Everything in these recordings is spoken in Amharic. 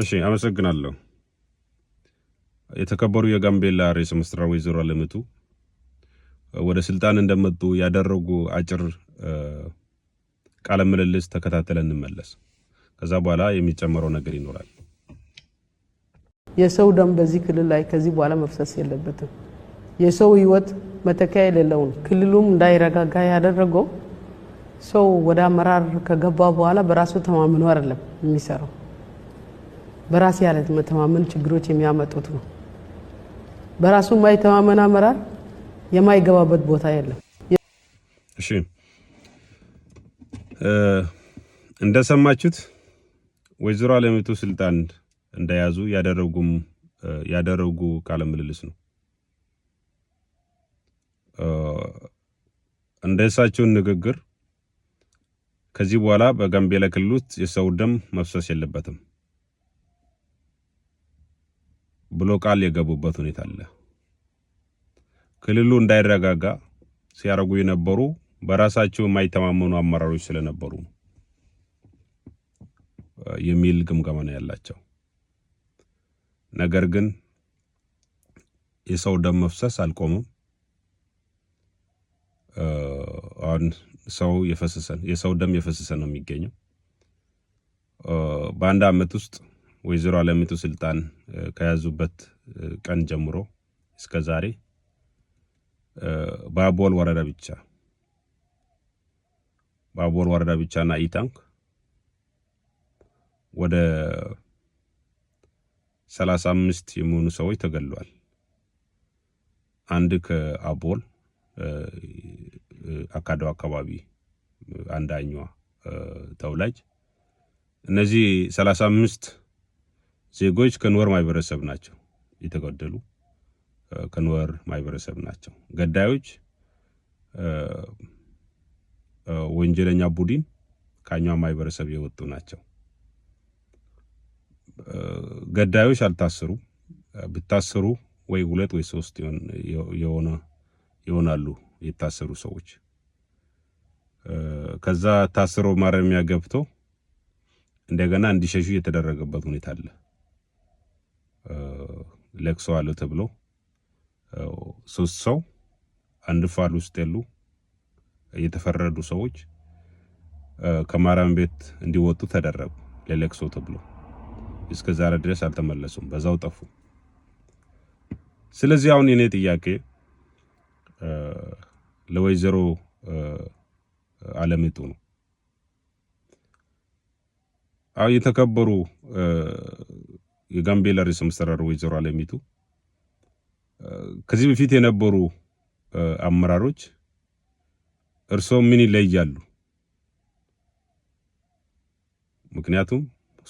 እሺ አመሰግናለሁ። የተከበሩ የጋምቤላ ርዕሰ መስተዳድር ወይዘሮ አለምቱ ወደ ስልጣን እንደመጡ ያደረጉ አጭር ቃለ ምልልስ ተከታተለ እንመለስ። ከዛ በኋላ የሚጨመረው ነገር ይኖራል። የሰው ደም በዚህ ክልል ላይ ከዚህ በኋላ መፍሰስ የለበትም። የሰው ህይወት መተኪያ የሌለውን ክልሉም እንዳይረጋጋ ያደረገው ሰው ወደ አመራር ከገባ በኋላ በራሱ ተማምኖ አይደለም የሚሰራው በራስ ያለ መተማመን ችግሮች የሚያመጡት ነው። በራሱ የማይተማመን አመራር የማይገባበት ቦታ የለም። እሺ እንደሰማችሁት ወይዘሮ አለሚቱ ስልጣን እንደያዙ ያደረጉም ያደረጉ ቃለ ምልልስ ነው። እንደሳቸውን ንግግር ከዚህ በኋላ በጋምቤላ ክልል ውስጥ የሰው ደም መፍሰስ የለበትም። ብሎ ቃል የገቡበት ሁኔታ አለ። ክልሉ እንዳይረጋጋ ሲያደርጉ የነበሩ በራሳቸው የማይተማመኑ አመራሮች ስለነበሩ የሚል ግምገማ ነው ያላቸው። ነገር ግን የሰው ደም መፍሰስ አልቆምም። አሁን ሰው የፈሰሰን የሰው ደም የፈሰሰ ነው የሚገኘው በአንድ ዓመት ውስጥ ወይዘሮ አለሚቱ ስልጣን ከያዙበት ቀን ጀምሮ እስከ ዛሬ በአቦል ወረዳ ብቻ በአቦል ወረዳ ብቻ ብቻና ኢታንክ ወደ ሰላሳ አምስት የሚሆኑ ሰዎች ተገድለዋል። አንድ ከአቦል አካዳው አካባቢ አንዳኛዋ ተውላጅ እነዚህ ሰላሳ አምስት ዜጎች ከኑዌር ማህበረሰብ ናቸው የተገደሉ ከኑዌር ማህበረሰብ ናቸው። ገዳዮች ወንጀለኛ ቡድን ከኛ ማህበረሰብ የወጡ ናቸው። ገዳዮች አልታሰሩም። ብታሰሩ ወይ ሁለት ወይ ሶስት የሆነ ይሆናሉ የታሰሩ ሰዎች። ከዛ ታስሮ ማረሚያ ገብቶ እንደገና እንዲሸሹ የተደረገበት ሁኔታ አለ። ለቅሶ አለ ተብሎ ሶስት ሰው አንድ ፋል ውስጥ ያሉ የተፈረዱ ሰዎች ከማረሚያ ቤት እንዲወጡ ተደረጉ። ለለቅሶ ተብሎ እስከ ዛሬ ድረስ አልተመለሱም፣ በዛው ጠፉ። ስለዚህ አሁን የኔ ጥያቄ ለወይዘሮ አለምጡ ነው። አሁን የተከበሩ የጋምቤላ ርዕሰ መስተዳድር ወይዘሮ አለሚቱ ከዚህ በፊት የነበሩ አመራሮች እርስዎ ምን ይለያሉ? ምክንያቱም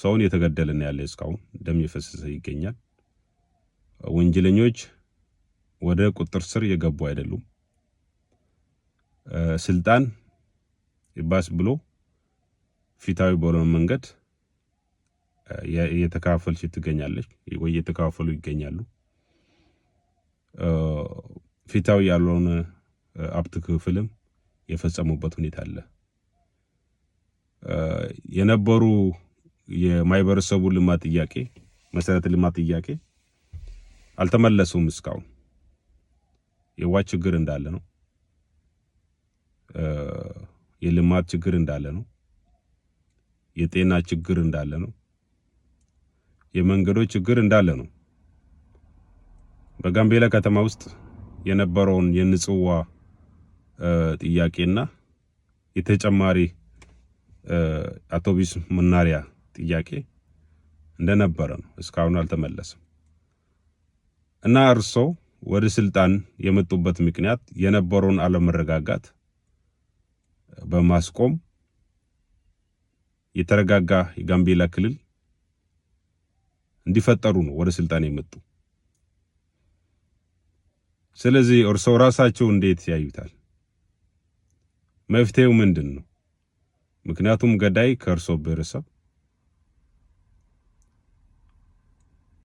ሰውን የተገደለ ነው ያለ እስካሁን ደም የፈሰሰ ይገኛል። ወንጀለኞች ወደ ቁጥር ስር የገቡ አይደሉም። ስልጣን ይባስ ብሎ ፊታዊ በሆነ መንገድ እየተካፈለች ትገኛለች ወይ እየተካፈሉ ይገኛሉ። ፊታዊ ያለውን ሀብት ክፍልም የፈጸሙበት ሁኔታ አለ። የነበሩ የማህበረሰቡ ልማት ጥያቄ መሰረተ ልማት ጥያቄ አልተመለሱም። እስካሁን የውሃ ችግር እንዳለ ነው። የልማት ችግር እንዳለ ነው። የጤና ችግር እንዳለ ነው። የመንገዶች ችግር እንዳለ ነው። በጋምቤላ ከተማ ውስጥ የነበረውን የምጽዋ ጥያቄና የተጨማሪ አውቶቡስ መናሪያ ጥያቄ እንደነበረ ነው። እስካሁን አልተመለሰም እና እርሶ ወደ ስልጣን የመጡበት ምክንያት የነበረውን አለመረጋጋት በማስቆም የተረጋጋ የጋምቤላ ክልል እንዲፈጠሩ ነው ወደ ስልጣን የመጡ። ስለዚህ እርሰው ራሳቸው እንዴት ያዩታል? መፍትሄው ምንድን ነው? ምክንያቱም ገዳይ ከእርሶ ብሔረሰብ